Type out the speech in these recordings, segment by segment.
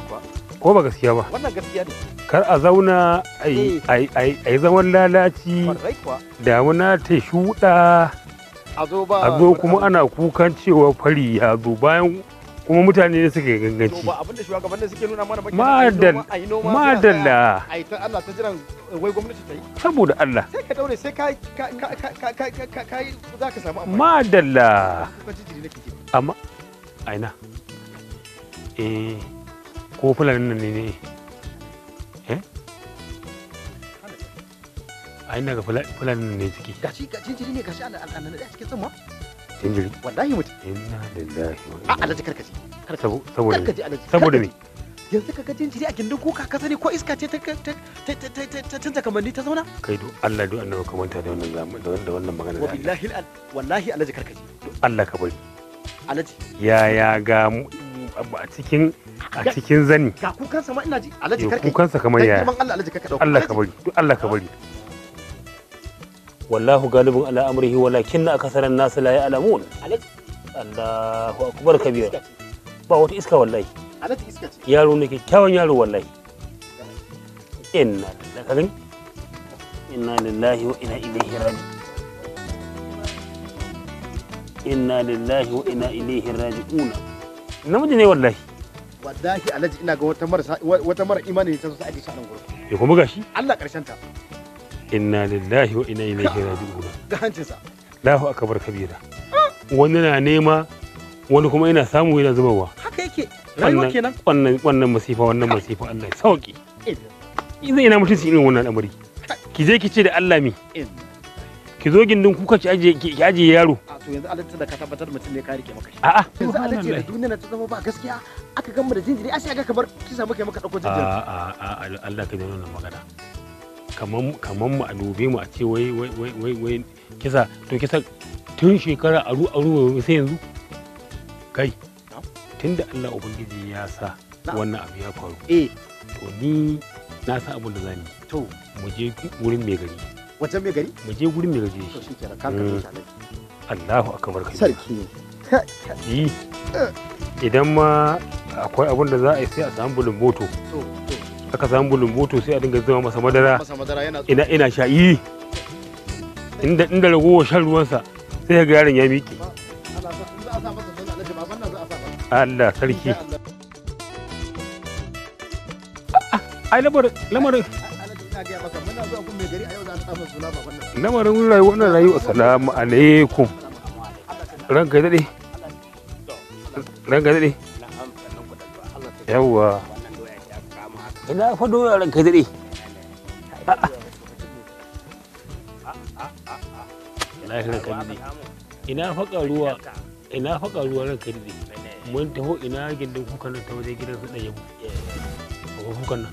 da kuwa ko ba gaskiya ba wannan gaskiya ne kar a zauna a yi eh. zaman lalaci damuna ta shuɗa a zo kuma ana kukan cewa fari ya zo bayan kuma mutane ne suke ganganci ba abinda shugabanni suke nuna mana ba ma'adal ma'adalla ai ta Allah ta jiran eh, wai gwamnati ta yi saboda Allah sai ka daure sai ka ka ka zaka samu amfani ma'adalla amma aina eh ko fulani nan ne eh? eh ai na ga nan ne suke gashi ga jinjiri ne gashi ana al'anan da cikin jinjiri wallahi mutum inna lillahi wa a alaji karkaci saboda saboda me yanzu ka jinjiri a gindin kuka ka sani ko iska ce ta canza kamanni ta zauna kai do Allah do annabi ka manta da wannan da wannan magana wallahi wallahi alaji karkaci do Allah ka bari alaji yaya ga a cikin a cikin zani ga kukan sa ma ina ji alaji kukan sa kamar yaya Allah alaji Allah ka bari Allah ka bari wallahu galibin ala amrihi walakin akasaran nasu la ya'lamun Allahu akbar kabira ba wata iska wallahi alaji iska ce yaro ne kyakkyawan yaro wallahi inna lillahi inna lillahi wa inna ilaihi raji'un inna lillahi wa inna ilaihi raji'un namiji ne wallahi wallahi alhaji ina ga wata mara wata mara imani ne ta zo ta aje shi a nan gurin ya kuma gashi Allah karshen ta inna lillahi wa inna ilaihi raji'un ga hancin sa Allahu akbar kabira wani na nema wani kuma ina samu yana zubarwa haka yake rayuwa kenan wannan wannan masifa wannan masifa Allah ya sauki ina mutunci irin wannan al'amari ki je ki ce da Allah mi ki zo gindin kuka ki aje ki aje yaro a to yanzu alatta da ka tabbatar mutum ne ka rike maka shi a'a yanzu alatta da duniya ta zama ba gaskiya aka gamba da jinjiri a sai ga kamar kisa kai maka dauko jinjiri a a Allah ka dena wannan magana kaman kaman mu a mu a ce wai wai wai wai kisa to kisa tun shekara aru aru sai yanzu kai tun da Allah ubangiji ya sa wannan abu ya faru eh to ni na sa abun da zani to mu je wurin mai gari wajen mai gari mu je gurin mai gari ka mm. Allahu akbar kai sarki yi idan ma akwai abin da za a yi sai a samu bulun boto aka samu bulun boto sai a dinga zama masa madara ina ina sha yi inda inda ragowar shan ruwansa sai ga yaron ya miƙe Allah sarki ah, ah. ai lamarin lamarin na marin maka muna zuwa kun mai gari a rayuwa na rayuwa assalamu alaikum ranka dade ranka dade yawwa ina fa doya ranka dade lahirin kadidi ina faka ruwa ina faka ruwa ranka kadidi mun taho ina gindin kukan nan ta wajen gidan su ɗaya kukan nan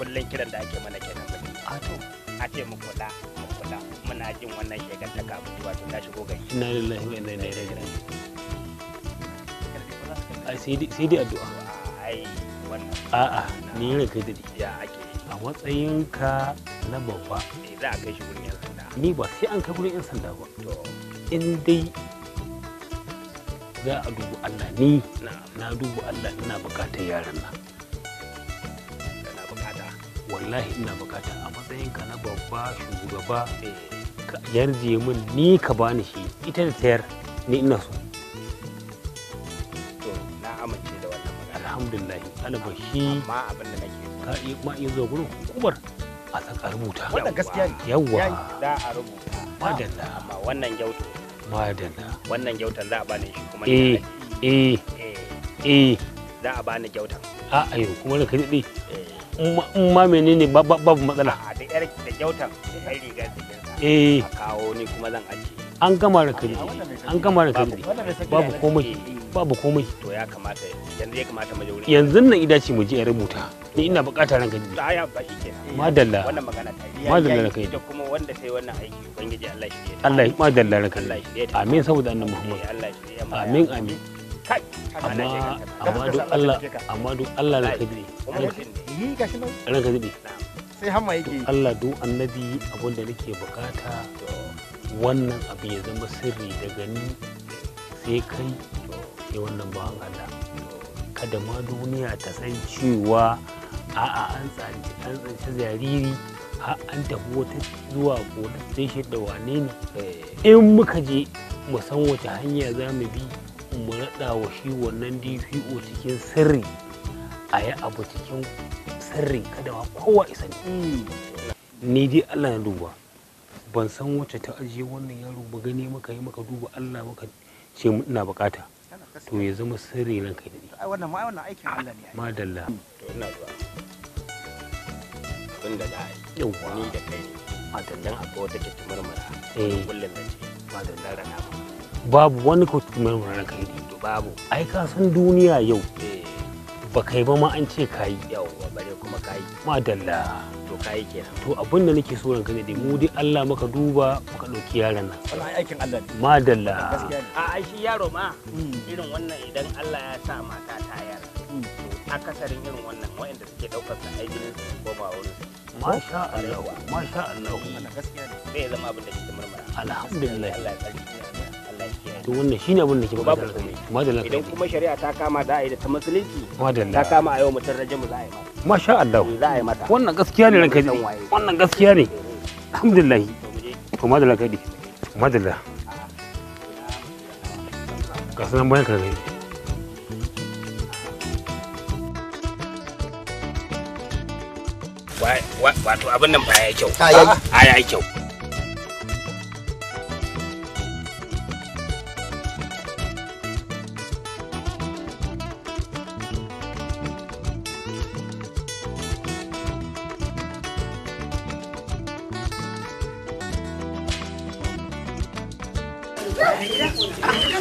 kullum kiran da ake mana kenan ba a to a ce mu kula mu kula muna jin wannan shegar ta kafin wato ta shigo gari inna lillahi wa inna ilaihi raji'un ai sai dai addu'a ai wannan a a ni ne kai da ya ake a ka na babba za a kai shi gurin yan sanda ni ba sai an kai gurin yan sanda ba to in dai za a dubu Allah ni na dubu Allah ina bukatar yaran nan wallahi ina bukata a matsayinka na babba shugaba ka eh, yarje min ni ka bani shi ita da tayar ni ina so to na amince da wannan magana alhamdulillah shi amma abin da nake ka yi ma iya zo gurin hukumar a saka rubuta wannan gaskiya ne yawa da a rubuta madalla amma wannan gyauto madalla wannan gyautan za a bani shi kuma eh, eh eh eh za a bani gyautan a'a yau kuma da ka daɗe in ma menene babu matsala a da yar da kyautan eh an gama da eh, eh. babu komai babu to ya kamata ya nan ida mu je ya rubuta ni ina buƙatar ranka ne ah, ya ba madalla wannan ne aiki ubangiji Allah shi Allah madalla amin saboda annabi eh, amin amin kai amma duk Allah amma duk Allah yi gashi nan ranka sai hamma yake Allah duk annabi abin da nake bukata wannan abu ya zama sirri daga ni sai kai sai wannan bawan Allah kada ma duniya ta san cewa a'a an tsanci an tsanci jariri har an tafi wata zuwa gonar sai shi da wane ne eh. in muka je mu san wace hanya za mu bi mu raɗa wa shi wannan dpo cikin sirri a yi abu cikin sirri kada ma kowa isa ni dai allah na duba ban san wacce ta ajiye wannan yaro ba gani maka yi maka duba allah maka ce ina bukata to ya zama sirri nan kai daɗi ma wannan aikin allah ne madalla hmm. to ina zuwa abin da za a yi ni da kai ne madalla akwai wata kyakkyamar mara eh. kullum da ce madalla rana ba babu wani ka mai ranar kai babu ai ka san duniya yau eh. ba kai ba ma an ce ka yi bare kuma ka yi madalla to ka yi kenan to abin da nake so ranka dai mu dai Allah maka duba maka dauki yaron nan wallahi aikin Allah ne madalla a ai shi yaro ma hmm. irin wannan idan Allah ya sa mata ta yara hmm. akasarin irin wannan wa'anda suke daukar sa ai gidan su ba wurin masha Allah masha Allah gaskiya ne zama abin da ke murmura alhamdulillah Allah ya tsare to wannan shine abin da ke babu komai madalla idan kuma shari'a ta kama da da ta musulunci ta kama a yau mutum mu za a yi mata masha Allah eh, za a yi mata wannan gaskiya ne ranka ji wannan gaskiya ne alhamdulillah to madalla kai madalla ga sanan bayan ka gani wato abin nan ba ya kyau a ya kyau Mira,